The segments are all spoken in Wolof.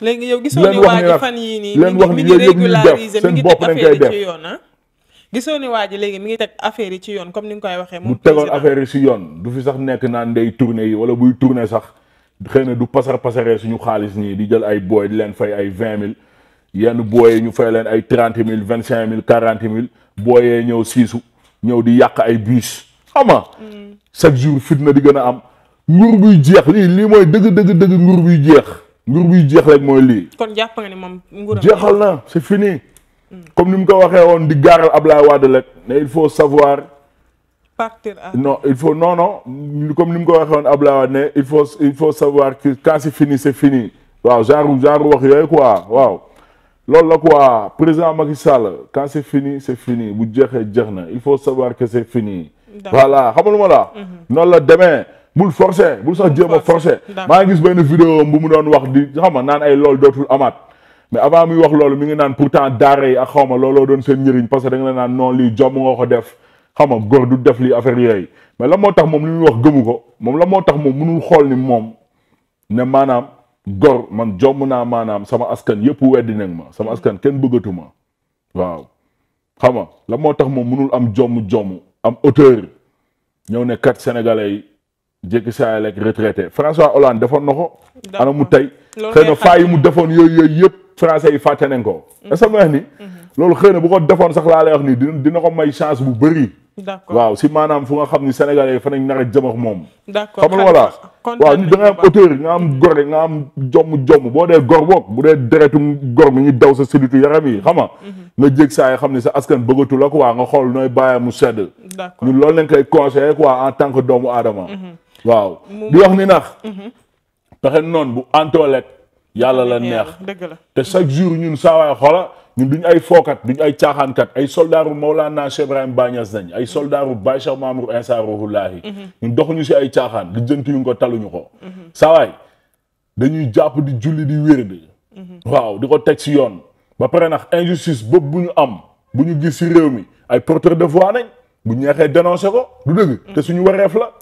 léegi yow gisoo ni waa ji fan yii nii mi ngi régulariser mi ngi ah. ni waa ji léegi mi ngi teg affaire yi ci yoon comme ni nga koy waxee. moom bu tegoon affaire yi yoon du fi sax nekk naan day tourné yi wala buy tourné sax xëy na du pasar pasaree suñu xaalis nii di jël ay booy di leen fay ay vingt mille yenn booyee ñu fay leen ay trente mille vingt cinq mille quarante mille booyee ñëw siisu ñëw di yàq ay bus xam mm. chaque jour fitna di gën a am nguur buy jeex lii lii mooy dëgg dëgg dëgg nguur buy jeex nguur buy jeex rek mooy lii. kon jàpp nga ni moom nguuram jeexal na c'est fini. comme ni mu ko waxee woon di gaaral Ablaye Wade rek ne il faut savoir. partir à non il faut non non comme ni mu ko waxee woon Ablaye Wade ne il faut il faut savoir que quand c'est fini c'est fini waaw genre genre wax yooyu quoi waaw. loolu la quoi président Macky Sall quand c'est fini c'est fini bu jeexee jeex na il faut savoir que c'est fini. voilà xam nga lu ma la. Mhm. la demee. bul forcer bul sax jéem a forcer. maa ngi gis benn vidéo bu mu doon wax di xam nga naan ay lool dootul amaat. mais avant muy wax loolu mi ngi naan pourtant daara yi ak xaw ma looloo doon seen njëriñ parce que naan non lii jom nga ko def xam nga góor du def lii affaire yooyu mais la moo tax moom li muy wax gëmu ko moom la moo tax moom mënul xool ni moom ne maanaam góor man jomm naa maanaam sama askan yëpp weddi nañ ma sama askan kenn bëggatu ma waaw. xam nga la moo tax moom mënul am jomm jomm am auteur ñëw ne kat sénégalais yi jékki saa lekk retraité François Hollande defoon na ko. ana mu tey xëy na faa yi mu defoon yooyu yooyu yëpp français yi fàtte nañ ko. Mhm. est-ce que mhm. loolu xëy na bu ko defoon sax laa nii dina ko may chance bu bëri. waaw si maanaam fu nga xam ni sénégalais yi fa nañ nar a jëm ak moom. d'accord xam nga da nga am auteur nga am gore nga am jomm jomm boo dee gor boog bu dee deretu gor mi ñu daw sa siditu yaram yi xam nga. Mhm. nga jég saa yi xam ni sa askan bëggatu la quoi nga xool nooy bàyyi mu sedd. d'accord waaw di wax ni nax mhm. pexe noonu bu antolet yàlla la neex te chaque jour ñun saawaay xola ñun duñ ay fookat duñ ay caaxaankat ay soldaar soldaaru Mawlana Cheikh Ibrahim Bañas nañ ay soldaaru Baye Cheikh Mamour Insa Ruhullahi mhm. ñun doxuñu si ay caaxaan li jënt yuñ ko taluñu ko mhm. saawaay dañuy jàpp di julli di wérdi waaw di ko teg si yoon ba pare nax injustice bopp bu ñu am bu ñu gis si réew mi ay porteur de voix nañ bu ñeexee dénoncé ko du dëgg te suñu wareef la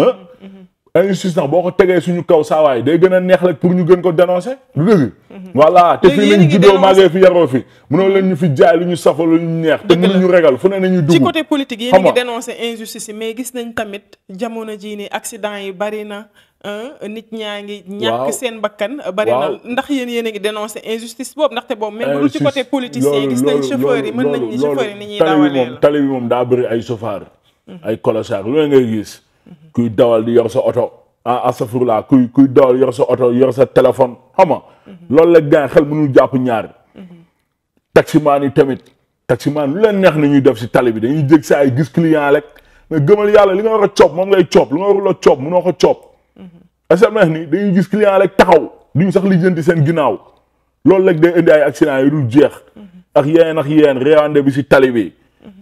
ah. insistant boo ko tegee suñu kaw saawaay day gën a neex rek pour ñu gën ko dénoncer du dëgg. Mhm. voilà te fii lañ juddoo màggee fi yaroo fi mënoo leen ñu fi jaay lu ñu safal lu ñu neex. te mënuñu regal fu ne nañu dugg ci côté politique yéen a ngi dénoncer injustice yi mais gis nañ tamit jamono jii nii accident yi bari na. nit ñaa ngi ñàkk seen bakkan bari na ndax yéen yéen a ngi dénoncer injustice boobu ndaxte boobu même bu ci côté politicien yi gis nañ chauffeur Mm-hmm. kuy dawal di yor sa oto a ah, asafurla kuy kuy dawal yor sa oto yor sa téléphone xam nga mm-hmm. loolu la gars xel mënul jàpp ñaar mm-hmm. taximaan yi tamit taximaan lu leen neex na ñuy def si tali bi dañuy jég saa ay gis client rek mais gëmal yàlla li nga war a coob moom ngay coob lu nga warul a coob mënoo ko coob asamax ni dañuy gis client rek taxaw duñ sax lijjanti seen ginnaaw loolu rek day indi ay accident yi dul jeex ak yeen ak yeen réewande bi si tali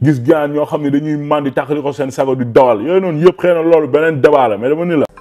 gis gaan ñoo xam ne dañuy mandi tàqali ko seen sago di dawal yooyu noonu yëpp xëy na loolu beneen débat la mais dama ni la